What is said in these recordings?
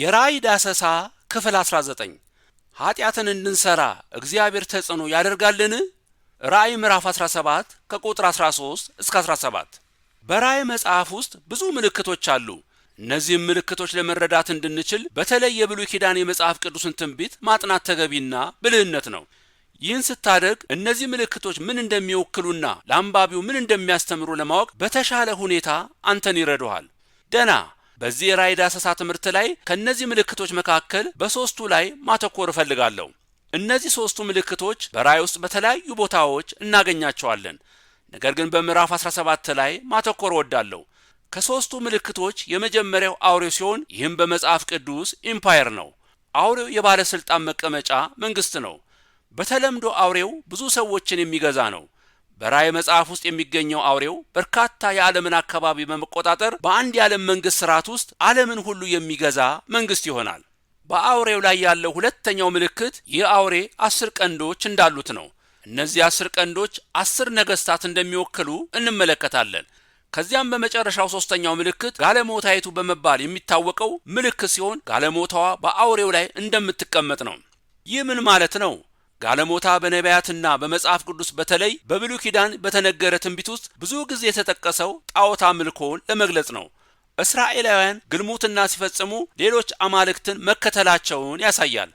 የራእይ ዳሰሳ ክፍል 19 ኃጢአትን እንድንሰራ እግዚአብሔር ተጽዕኖ ያደርጋልን? ራእይ ምዕራፍ 17 ከቁጥር 13 እስከ 17። በራእይ መጽሐፍ ውስጥ ብዙ ምልክቶች አሉ። እነዚህም ምልክቶች ለመረዳት እንድንችል በተለይ የብሉይ ኪዳን የመጽሐፍ ቅዱስን ትንቢት ማጥናት ተገቢና ብልህነት ነው። ይህን ስታደርግ እነዚህ ምልክቶች ምን እንደሚወክሉና ለአንባቢው ምን እንደሚያስተምሩ ለማወቅ በተሻለ ሁኔታ አንተን ይረዱሃል። ደና በዚህ የራዕይ ዳሰሳ ትምህርት ላይ ከእነዚህ ምልክቶች መካከል በሶስቱ ላይ ማተኮር እፈልጋለሁ። እነዚህ ሶስቱ ምልክቶች በራይ ውስጥ በተለያዩ ቦታዎች እናገኛቸዋለን። ነገር ግን በምዕራፍ 17 ላይ ማተኮር እወዳለሁ። ከሶስቱ ምልክቶች የመጀመሪያው አውሬው ሲሆን ይህም በመጽሐፍ ቅዱስ ኢምፓየር ነው። አውሬው የባለሥልጣን መቀመጫ መንግስት ነው። በተለምዶ አውሬው ብዙ ሰዎችን የሚገዛ ነው። በራእይ መጽሐፍ ውስጥ የሚገኘው አውሬው በርካታ የዓለምን አካባቢ በመቆጣጠር በአንድ የዓለም መንግስት ስርዓት ውስጥ ዓለምን ሁሉ የሚገዛ መንግስት ይሆናል። በአውሬው ላይ ያለው ሁለተኛው ምልክት ይህ አውሬ አስር ቀንዶች እንዳሉት ነው። እነዚህ አስር ቀንዶች አስር ነገስታት እንደሚወክሉ እንመለከታለን። ከዚያም በመጨረሻው ሶስተኛው ምልክት ጋለሞታይቱ በመባል የሚታወቀው ምልክት ሲሆን ጋለሞታዋ በአውሬው ላይ እንደምትቀመጥ ነው። ይህ ምን ማለት ነው? ጋለሞታ በነቢያትና በመጽሐፍ ቅዱስ በተለይ በብሉይ ኪዳን በተነገረ ትንቢት ውስጥ ብዙ ጊዜ የተጠቀሰው ጣዖት አምልኮውን ለመግለጽ ነው። እስራኤላውያን ግልሙትና ሲፈጽሙ ሌሎች አማልክትን መከተላቸውን ያሳያል።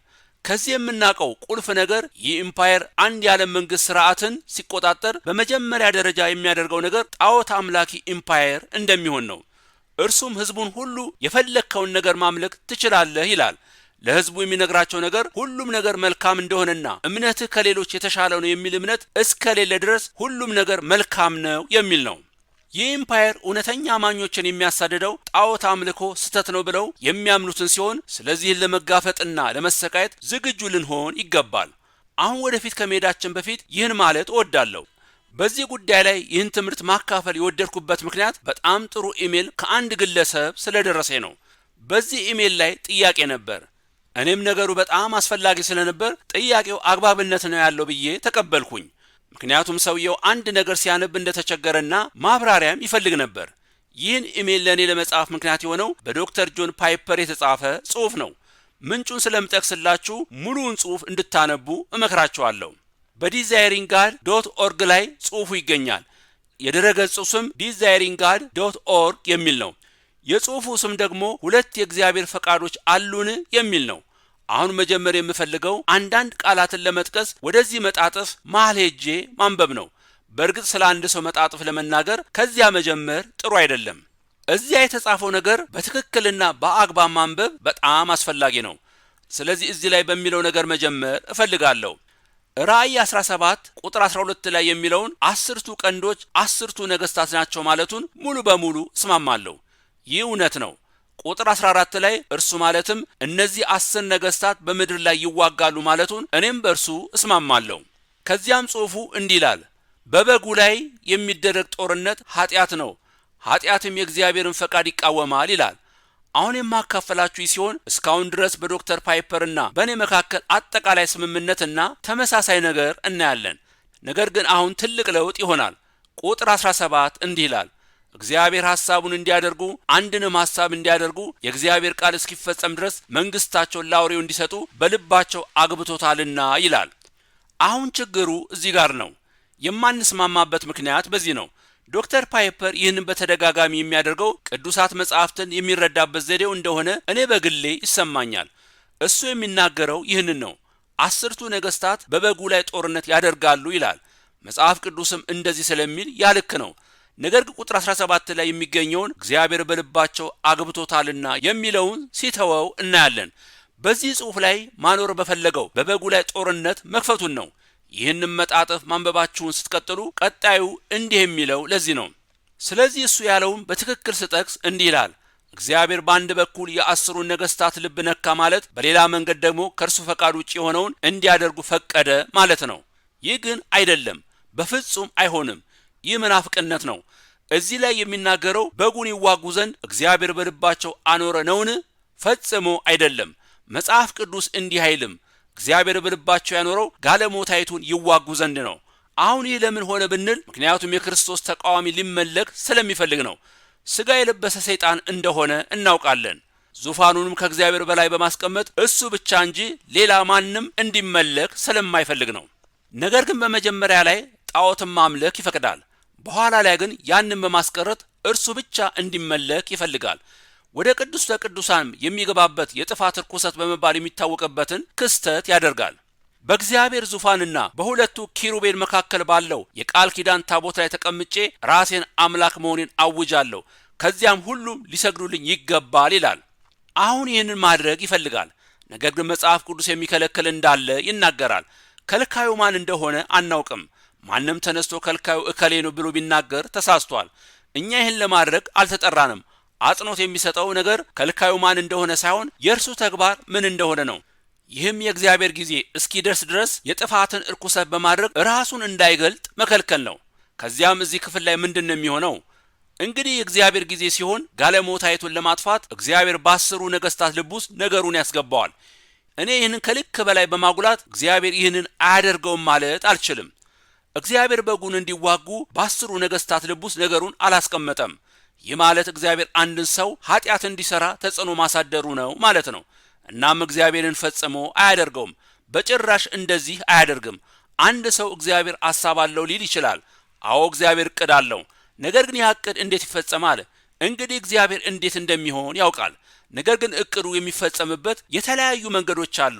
ከዚህ የምናውቀው ቁልፍ ነገር ይህ ኢምፓየር አንድ የዓለም መንግስት ሥርዓትን ሲቆጣጠር በመጀመሪያ ደረጃ የሚያደርገው ነገር ጣዖት አምላኪ ኢምፓየር እንደሚሆን ነው። እርሱም ህዝቡን ሁሉ የፈለግከውን ነገር ማምለክ ትችላለህ ይላል። ለህዝቡ የሚነግራቸው ነገር ሁሉም ነገር መልካም እንደሆነና እምነትህ ከሌሎች የተሻለ ነው የሚል እምነት እስከሌለ ድረስ ሁሉም ነገር መልካም ነው የሚል ነው። የኢምፓየር እውነተኛ አማኞችን የሚያሳድደው ጣዖት አምልኮ ስህተት ነው ብለው የሚያምኑትን ሲሆን ስለዚህን ለመጋፈጥና ለመሰቃየት ዝግጁ ልንሆን ይገባል። አሁን ወደፊት ከመሄዳችን በፊት ይህን ማለት እወዳለሁ። በዚህ ጉዳይ ላይ ይህን ትምህርት ማካፈል የወደድኩበት ምክንያት በጣም ጥሩ ኢሜል ከአንድ ግለሰብ ስለደረሰኝ ነው። በዚህ ኢሜል ላይ ጥያቄ ነበር። እኔም ነገሩ በጣም አስፈላጊ ስለነበር ጥያቄው አግባብነት ነው ያለው ብዬ ተቀበልኩኝ። ምክንያቱም ሰውየው አንድ ነገር ሲያነብ እንደተቸገረና ማብራሪያም ይፈልግ ነበር። ይህን ኢሜይል ለእኔ ለመጻፍ ምክንያት የሆነው በዶክተር ጆን ፓይፐር የተጻፈ ጽሑፍ ነው። ምንጩን ስለምጠቅስላችሁ ሙሉውን ጽሑፍ እንድታነቡ እመክራችኋለሁ። በዲዛይሪንግ ጋድ ዶት ኦርግ ላይ ጽሑፉ ይገኛል። የድረገጹ ስም ዲዛይሪንግ ጋድ ዶት ኦርግ የሚል ነው። የጽሑፉ ስም ደግሞ ሁለት የእግዚአብሔር ፈቃዶች አሉን የሚል ነው። አሁን መጀመር የምፈልገው አንዳንድ ቃላትን ለመጥቀስ ወደዚህ መጣጥፍ መሀል ሄጄ ማንበብ ነው። በእርግጥ ስለ አንድ ሰው መጣጥፍ ለመናገር ከዚያ መጀመር ጥሩ አይደለም። እዚያ የተጻፈው ነገር በትክክልና በአግባብ ማንበብ በጣም አስፈላጊ ነው። ስለዚህ እዚህ ላይ በሚለው ነገር መጀመር እፈልጋለሁ። ራእይ 17 ቁጥር 12 ላይ የሚለውን አስርቱ ቀንዶች አስርቱ ነገስታት ናቸው ማለቱን ሙሉ በሙሉ እስማማለሁ። ይህ እውነት ነው። ቁጥር 14 ላይ እርሱ ማለትም እነዚህ አስር ነገስታት በምድር ላይ ይዋጋሉ ማለቱን እኔም በእርሱ እስማማለሁ። ከዚያም ጽሑፉ እንዲህ ይላል፣ በበጉ ላይ የሚደረግ ጦርነት ኃጢአት ነው፣ ኃጢአትም የእግዚአብሔርን ፈቃድ ይቃወማል ይላል። አሁን የማካፈላችሁ ሲሆን እስካሁን ድረስ በዶክተር ፓይፐርና በእኔ መካከል አጠቃላይ ስምምነትና ተመሳሳይ ነገር እናያለን። ነገር ግን አሁን ትልቅ ለውጥ ይሆናል። ቁጥር 17 እንዲህ ይላል እግዚአብሔር ሐሳቡን እንዲያደርጉ አንድንም ሐሳብ እንዲያደርጉ የእግዚአብሔር ቃል እስኪፈጸም ድረስ መንግስታቸውን ለአውሬው እንዲሰጡ በልባቸው አግብቶታልና ይላል። አሁን ችግሩ እዚህ ጋር ነው። የማንስማማበት ምክንያት በዚህ ነው። ዶክተር ፓይፐር ይህንን በተደጋጋሚ የሚያደርገው ቅዱሳት መጻሕፍትን የሚረዳበት ዘዴው እንደሆነ እኔ በግሌ ይሰማኛል። እሱ የሚናገረው ይህንን ነው። አስርቱ ነገስታት በበጉ ላይ ጦርነት ያደርጋሉ ይላል። መጽሐፍ ቅዱስም እንደዚህ ስለሚል ያልክ ነው። ነገር ግን ቁጥር 17 ላይ የሚገኘውን እግዚአብሔር በልባቸው አግብቶታልና የሚለውን ሲተወው እናያለን። በዚህ ጽሑፍ ላይ ማኖር በፈለገው በበጉ ላይ ጦርነት መክፈቱን ነው። ይህንም መጣጥፍ ማንበባችሁን ስትቀጥሉ ቀጣዩ እንዲህ የሚለው ለዚህ ነው። ስለዚህ እሱ ያለውን በትክክል ስጠቅስ እንዲህ ይላል። እግዚአብሔር በአንድ በኩል የአስሩን ነገሥታት ልብ ነካ ማለት፣ በሌላ መንገድ ደግሞ ከእርሱ ፈቃድ ውጭ የሆነውን እንዲያደርጉ ፈቀደ ማለት ነው። ይህ ግን አይደለም፣ በፍጹም አይሆንም። ይህ መናፍቅነት ነው። እዚህ ላይ የሚናገረው በጉን ይዋጉ ዘንድ እግዚአብሔር በልባቸው አኖረ ነውን? ፈጽሞ አይደለም። መጽሐፍ ቅዱስ እንዲህ አይልም። እግዚአብሔር በልባቸው ያኖረው ጋለሞታይቱን ይዋጉ ዘንድ ነው። አሁን ይህ ለምን ሆነ ብንል ምክንያቱም የክርስቶስ ተቃዋሚ ሊመለክ ስለሚፈልግ ነው። ስጋ የለበሰ ሰይጣን እንደሆነ እናውቃለን። ዙፋኑንም ከእግዚአብሔር በላይ በማስቀመጥ እሱ ብቻ እንጂ ሌላ ማንም እንዲመለክ ስለማይፈልግ ነው። ነገር ግን በመጀመሪያ ላይ ጣዖትን ማምለክ ይፈቅዳል። በኋላ ላይ ግን ያንን በማስቀረት እርሱ ብቻ እንዲመለክ ይፈልጋል። ወደ ቅዱስ ቅዱሳን የሚገባበት የጥፋት ርኩሰት በመባል የሚታወቅበትን ክስተት ያደርጋል። በእግዚአብሔር ዙፋንና በሁለቱ ኪሩቤል መካከል ባለው የቃል ኪዳን ታቦት ላይ ተቀምጬ ራሴን አምላክ መሆኔን አውጃለሁ፣ ከዚያም ሁሉም ሊሰግዱልኝ ይገባል ይላል። አሁን ይህንን ማድረግ ይፈልጋል። ነገር ግን መጽሐፍ ቅዱስ የሚከለክል እንዳለ ይናገራል። ከልካዩ ማን እንደሆነ አናውቅም። ማንም ተነስቶ ከልካዩ እከሌ ነው ብሎ ቢናገር ተሳስቷል። እኛ ይህን ለማድረግ አልተጠራንም። አጽንኦት የሚሰጠው ነገር ከልካዩ ማን እንደሆነ ሳይሆን የእርሱ ተግባር ምን እንደሆነ ነው። ይህም የእግዚአብሔር ጊዜ እስኪደርስ ድረስ የጥፋትን እርኩሰት በማድረግ ራሱን እንዳይገልጥ መከልከል ነው። ከዚያም እዚህ ክፍል ላይ ምንድን ነው የሚሆነው? እንግዲህ የእግዚአብሔር ጊዜ ሲሆን ጋለሞታይቱን ለማጥፋት እግዚአብሔር በአስሩ ነገስታት ልብ ውስጥ ነገሩን ያስገባዋል። እኔ ይህንን ከልክ በላይ በማጉላት እግዚአብሔር ይህንን አያደርገውም ማለት አልችልም። እግዚአብሔር በጉን እንዲዋጉ በአስሩ ነገሥታት ልብ ውስጥ ነገሩን አላስቀመጠም። ይህ ማለት እግዚአብሔር አንድን ሰው ኃጢአት እንዲሠራ ተጽዕኖ ማሳደሩ ነው ማለት ነው። እናም እግዚአብሔርን ፈጽሞ አያደርገውም። በጭራሽ እንደዚህ አያደርግም። አንድ ሰው እግዚአብሔር አሳብ አለው ሊል ይችላል። አዎ እግዚአብሔር እቅድ አለው። ነገር ግን ያ እቅድ እንዴት ይፈጸማል? እንግዲህ እግዚአብሔር እንዴት እንደሚሆን ያውቃል። ነገር ግን እቅዱ የሚፈጸምበት የተለያዩ መንገዶች አሉ።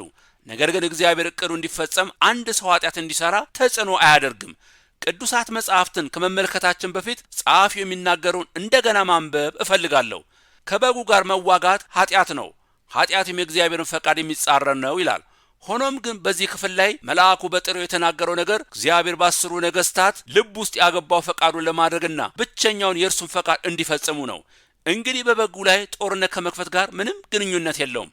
ነገር ግን እግዚአብሔር እቅዱ እንዲፈጸም አንድ ሰው ኃጢአት እንዲሰራ ተጽዕኖ አያደርግም። ቅዱሳት መጻሕፍትን ከመመልከታችን በፊት ጸሐፊው የሚናገረውን እንደገና ማንበብ እፈልጋለሁ። ከበጉ ጋር መዋጋት ኃጢአት ነው፣ ኃጢአትም የእግዚአብሔርን ፈቃድ የሚጻረር ነው ይላል። ሆኖም ግን በዚህ ክፍል ላይ መልአኩ በጥሬው የተናገረው ነገር እግዚአብሔር በአስሩ ነገሥታት ልብ ውስጥ ያገባው ፈቃዱን ለማድረግና ብቸኛውን የእርሱን ፈቃድ እንዲፈጽሙ ነው። እንግዲህ በበጉ ላይ ጦርነት ከመክፈት ጋር ምንም ግንኙነት የለውም።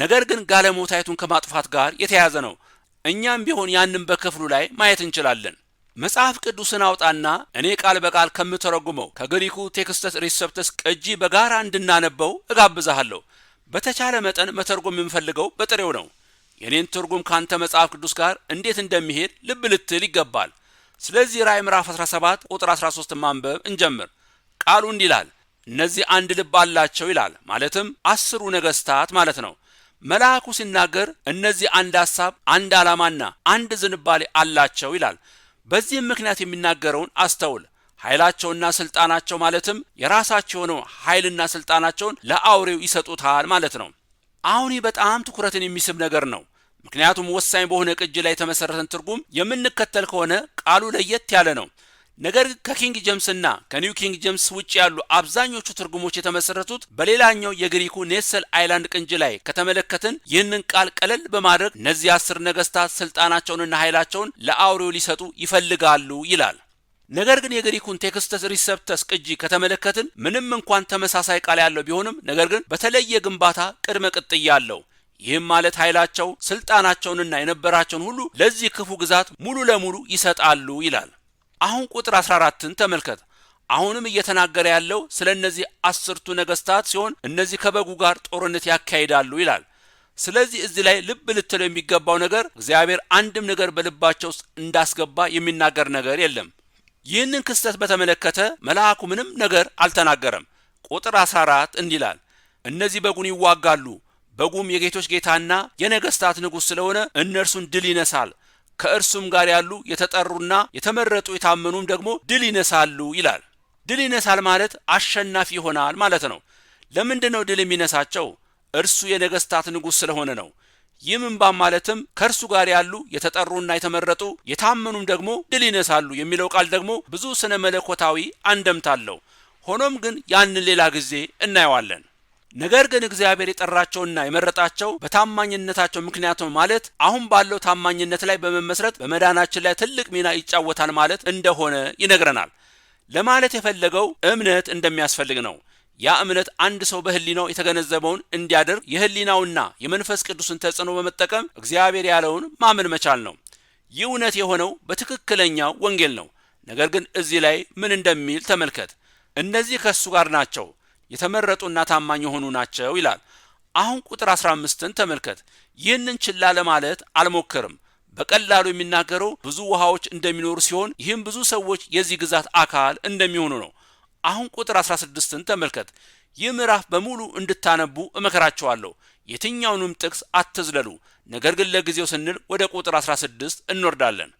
ነገር ግን ጋለሞታይቱን ከማጥፋት ጋር የተያያዘ ነው። እኛም ቢሆን ያንን በክፍሉ ላይ ማየት እንችላለን። መጽሐፍ ቅዱስን አውጣና እኔ ቃል በቃል ከምተረጉመው ከግሪኩ ቴክስተስ ሪሰፕተስ ቅጂ በጋራ እንድናነበው እጋብዛሃለሁ። በተቻለ መጠን መተርጎም የምፈልገው በጥሬው ነው። የኔን ትርጉም ካንተ መጽሐፍ ቅዱስ ጋር እንዴት እንደሚሄድ ልብ ልትል ይገባል። ስለዚህ ራእይ ምዕራፍ 17 ቁጥር 13 ማንበብ እንጀምር። ቃሉ እንዲህ ይላል፣ እነዚህ አንድ ልብ አላቸው ይላል። ማለትም አስሩ ነገስታት ማለት ነው። መልአኩ ሲናገር እነዚህ አንድ ሀሳብ፣ አንድ ዓላማና አንድ ዝንባሌ አላቸው ይላል። በዚህም ምክንያት የሚናገረውን አስተውል። ኃይላቸውና ስልጣናቸው ማለትም የራሳቸው የሆነው ኃይልና ስልጣናቸውን ለአውሬው ይሰጡታል ማለት ነው። አሁን ይህ በጣም ትኩረትን የሚስብ ነገር ነው። ምክንያቱም ወሳኝ በሆነ ቅጅ ላይ የተመሰረተን ትርጉም የምንከተል ከሆነ ቃሉ ለየት ያለ ነው። ነገር ከኪንግ ጀምስና ከኒው ኪንግ ጀምስ ውጭ ያሉ አብዛኞቹ ትርጉሞች የተመሰረቱት በሌላኛው የግሪኩ ኔሰል አይላንድ ቅንጅ ላይ ከተመለከትን ይህንን ቃል ቀለል በማድረግ እነዚህ አስር ነገስታት ስልጣናቸውንና ኃይላቸውን ለአውሬው ሊሰጡ ይፈልጋሉ ይላል። ነገር ግን የግሪኩን ቴክስተስ ሪሰፕተስ ቅጂ ከተመለከትን ምንም እንኳን ተመሳሳይ ቃል ያለው ቢሆንም ነገር ግን በተለየ ግንባታ ቅድመ ቅጥያ አለው። ይህም ማለት ኃይላቸው ስልጣናቸውንና የነበራቸውን ሁሉ ለዚህ ክፉ ግዛት ሙሉ ለሙሉ ይሰጣሉ ይላል። አሁን ቁጥር 14ን ተመልከት። አሁንም እየተናገረ ያለው ስለ እነዚህ አስርቱ ነገስታት ሲሆን እነዚህ ከበጉ ጋር ጦርነት ያካሂዳሉ ይላል። ስለዚህ እዚህ ላይ ልብ ልትለው የሚገባው ነገር እግዚአብሔር አንድም ነገር በልባቸው ውስጥ እንዳስገባ የሚናገር ነገር የለም። ይህንን ክስተት በተመለከተ መልአኩ ምንም ነገር አልተናገረም። ቁጥር 14 እንዲህ ይላል፣ እነዚህ በጉን ይዋጋሉ፣ በጉም የጌቶች ጌታና የነገስታት ንጉሥ ስለሆነ እነርሱን ድል ይነሳል ከእርሱም ጋር ያሉ የተጠሩና የተመረጡ የታመኑም ደግሞ ድል ይነሳሉ ይላል። ድል ይነሳል ማለት አሸናፊ ይሆናል ማለት ነው። ለምንድን ነው ድል የሚነሳቸው? እርሱ የነገስታት ንጉሥ ስለሆነ ነው። ይህ ምንባብ ማለትም ከእርሱ ጋር ያሉ የተጠሩና የተመረጡ የታመኑም ደግሞ ድል ይነሳሉ የሚለው ቃል ደግሞ ብዙ ስነ መለኮታዊ አንደምታለው ሆኖም ግን ያንን ሌላ ጊዜ እናየዋለን። ነገር ግን እግዚአብሔር የጠራቸውና የመረጣቸው በታማኝነታቸው ምክንያት ነው ማለት አሁን ባለው ታማኝነት ላይ በመመስረት በመዳናችን ላይ ትልቅ ሚና ይጫወታል ማለት እንደሆነ ይነግረናል። ለማለት የፈለገው እምነት እንደሚያስፈልግ ነው። ያ እምነት አንድ ሰው በህሊናው የተገነዘበውን እንዲያደርግ የህሊናውና የመንፈስ ቅዱስን ተጽዕኖ በመጠቀም እግዚአብሔር ያለውን ማመን መቻል ነው። ይህ እውነት የሆነው በትክክለኛው ወንጌል ነው። ነገር ግን እዚህ ላይ ምን እንደሚል ተመልከት። እነዚህ ከእሱ ጋር ናቸው የተመረጡና ታማኝ የሆኑ ናቸው ይላል። አሁን ቁጥር 15ን ተመልከት። ይህንን ችላ ለማለት አልሞከርም። በቀላሉ የሚናገረው ብዙ ውሃዎች እንደሚኖሩ ሲሆን ይህም ብዙ ሰዎች የዚህ ግዛት አካል እንደሚሆኑ ነው። አሁን ቁጥር 16ን ተመልከት። ይህ ምዕራፍ በሙሉ እንድታነቡ እመከራቸዋለሁ። የትኛውንም ጥቅስ አትዝለሉ። ነገር ግን ለጊዜው ስንል ወደ ቁጥር 16 እንወርዳለን።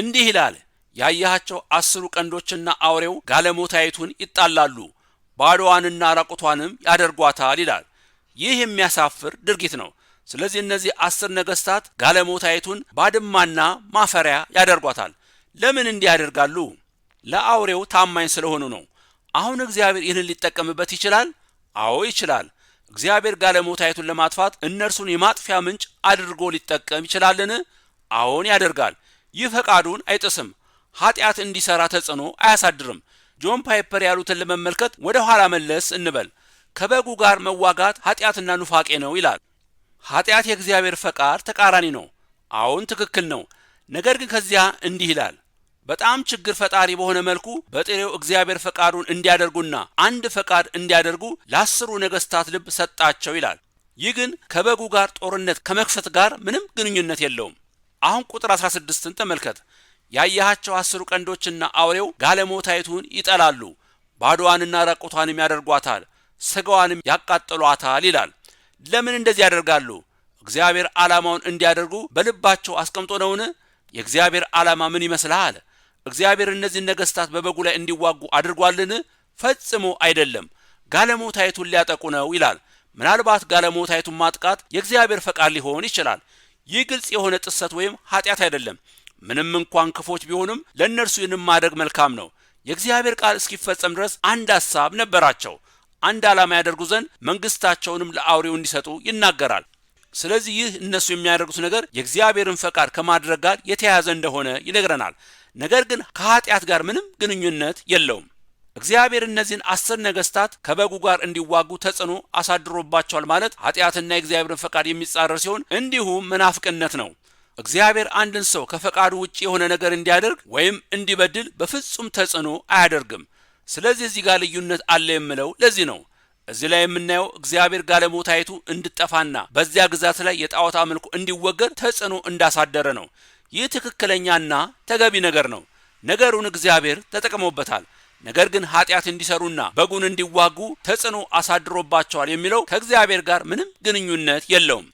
እንዲህ ይላል ያያቸው አስሩ ቀንዶችና አውሬው ጋለሞታይቱን ይጣላሉ ባዶዋንና ራቁቷንም ያደርጓታል ይላል። ይህ የሚያሳፍር ድርጊት ነው። ስለዚህ እነዚህ አስር ነገስታት ጋለሞታይቱን ባድማና ማፈሪያ ያደርጓታል። ለምን እንዲህ ያደርጋሉ? ለአውሬው ታማኝ ስለሆኑ ነው። አሁን እግዚአብሔር ይህንን ሊጠቀምበት ይችላል። አዎ ይችላል። እግዚአብሔር ጋለሞታይቱን ለማጥፋት እነርሱን የማጥፊያ ምንጭ አድርጎ ሊጠቀም ይችላልን? አዎን ያደርጋል። ይህ ፈቃዱን አይጥስም። ኃጢአት እንዲሰራ ተጽዕኖ አያሳድርም። ጆን ፓይፐር ያሉትን ለመመልከት ወደ ኋላ መለስ እንበል። ከበጉ ጋር መዋጋት ኃጢአትና ኑፋቄ ነው ይላል። ኃጢአት የእግዚአብሔር ፈቃድ ተቃራኒ ነው። አዎን ትክክል ነው። ነገር ግን ከዚያ እንዲህ ይላል በጣም ችግር ፈጣሪ በሆነ መልኩ በጥሬው እግዚአብሔር ፈቃዱን እንዲያደርጉና አንድ ፈቃድ እንዲያደርጉ ለአስሩ ነገስታት ልብ ሰጣቸው ይላል። ይህ ግን ከበጉ ጋር ጦርነት ከመክፈት ጋር ምንም ግንኙነት የለውም። አሁን ቁጥር 16ን ተመልከት። ያየሃቸው አስሩ ቀንዶችና አውሬው ጋለሞታይቱን ይጠላሉ፣ ባዶዋንና ረቁቷንም ያደርጓታል፣ ስጋዋንም ያቃጥሏታል ይላል። ለምን እንደዚህ ያደርጋሉ? እግዚአብሔር ዓላማውን እንዲያደርጉ በልባቸው አስቀምጦ ነውን? የእግዚአብሔር ዓላማ ምን ይመስልሃል? እግዚአብሔር እነዚህን ነገሥታት በበጉ ላይ እንዲዋጉ አድርጓልን? ፈጽሞ አይደለም። ጋለሞታይቱን ሊያጠቁ ነው ይላል። ምናልባት ጋለሞታይቱን ማጥቃት የእግዚአብሔር ፈቃድ ሊሆን ይችላል። ይህ ግልጽ የሆነ ጥሰት ወይም ኃጢአት አይደለም። ምንም እንኳን ክፎች ቢሆኑም ለእነርሱ ይህንም ማድረግ መልካም ነው። የእግዚአብሔር ቃል እስኪፈጸም ድረስ አንድ ሀሳብ ነበራቸው። አንድ ዓላማ ያደርጉ ዘንድ መንግስታቸውንም ለአውሬው እንዲሰጡ ይናገራል። ስለዚህ ይህ እነሱ የሚያደርጉት ነገር የእግዚአብሔርን ፈቃድ ከማድረግ ጋር የተያያዘ እንደሆነ ይነግረናል። ነገር ግን ከኃጢአት ጋር ምንም ግንኙነት የለውም። እግዚአብሔር እነዚህን አስር ነገስታት ከበጉ ጋር እንዲዋጉ ተጽዕኖ አሳድሮባቸዋል ማለት ኃጢአትና የእግዚአብሔርን ፈቃድ የሚጻረር ሲሆን እንዲሁም መናፍቅነት ነው። እግዚአብሔር አንድን ሰው ከፈቃዱ ውጭ የሆነ ነገር እንዲያደርግ ወይም እንዲበድል በፍጹም ተጽዕኖ አያደርግም። ስለዚህ እዚህ ጋር ልዩነት አለ የምለው ለዚህ ነው። እዚህ ላይ የምናየው እግዚአብሔር ጋለሞታይቱ እንድጠፋና በዚያ ግዛት ላይ የጣዖት አምልኮ እንዲወገድ ተጽዕኖ እንዳሳደረ ነው። ይህ ትክክለኛና ተገቢ ነገር ነው። ነገሩን እግዚአብሔር ተጠቅሞበታል። ነገር ግን ኃጢአት እንዲሰሩና በጉን እንዲዋጉ ተጽዕኖ አሳድሮባቸዋል የሚለው ከእግዚአብሔር ጋር ምንም ግንኙነት የለውም።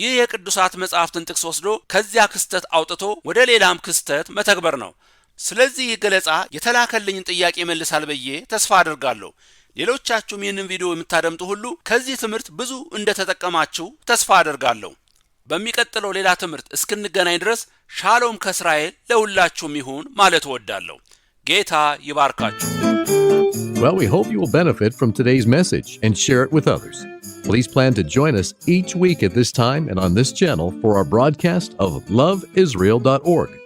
ይህ የቅዱሳት መጻሕፍትን ጥቅስ ወስዶ ከዚያ ክስተት አውጥቶ ወደ ሌላም ክስተት መተግበር ነው። ስለዚህ ይህ ገለጻ የተላከልኝን ጥያቄ መልሳል ብዬ ተስፋ አድርጋለሁ። ሌሎቻችሁም ይህንን ቪዲዮ የምታደምጡ ሁሉ ከዚህ ትምህርት ብዙ እንደተጠቀማችሁ ተስፋ አድርጋለሁ። በሚቀጥለው ሌላ ትምህርት እስክንገናኝ ድረስ ሻሎም ከእስራኤል ለሁላችሁም ይሁን ማለት እወዳለሁ። ጌታ ይባርካችሁ። Well, we hope you will benefit from today's message and share it with others. Please plan to join us each week at this time and on this channel for our broadcast of loveisrael.org.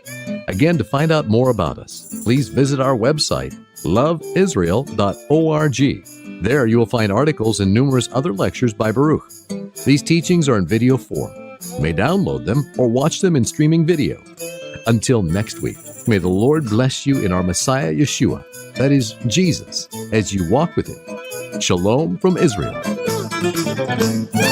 Again, to find out more about us, please visit our website, loveisrael.org. There you will find articles and numerous other lectures by Baruch. These teachings are in video form. You may download them or watch them in streaming video. Until next week, may the Lord bless you in our Messiah Yeshua, that is, Jesus, as you walk with Him. Shalom from Israel. Thank you.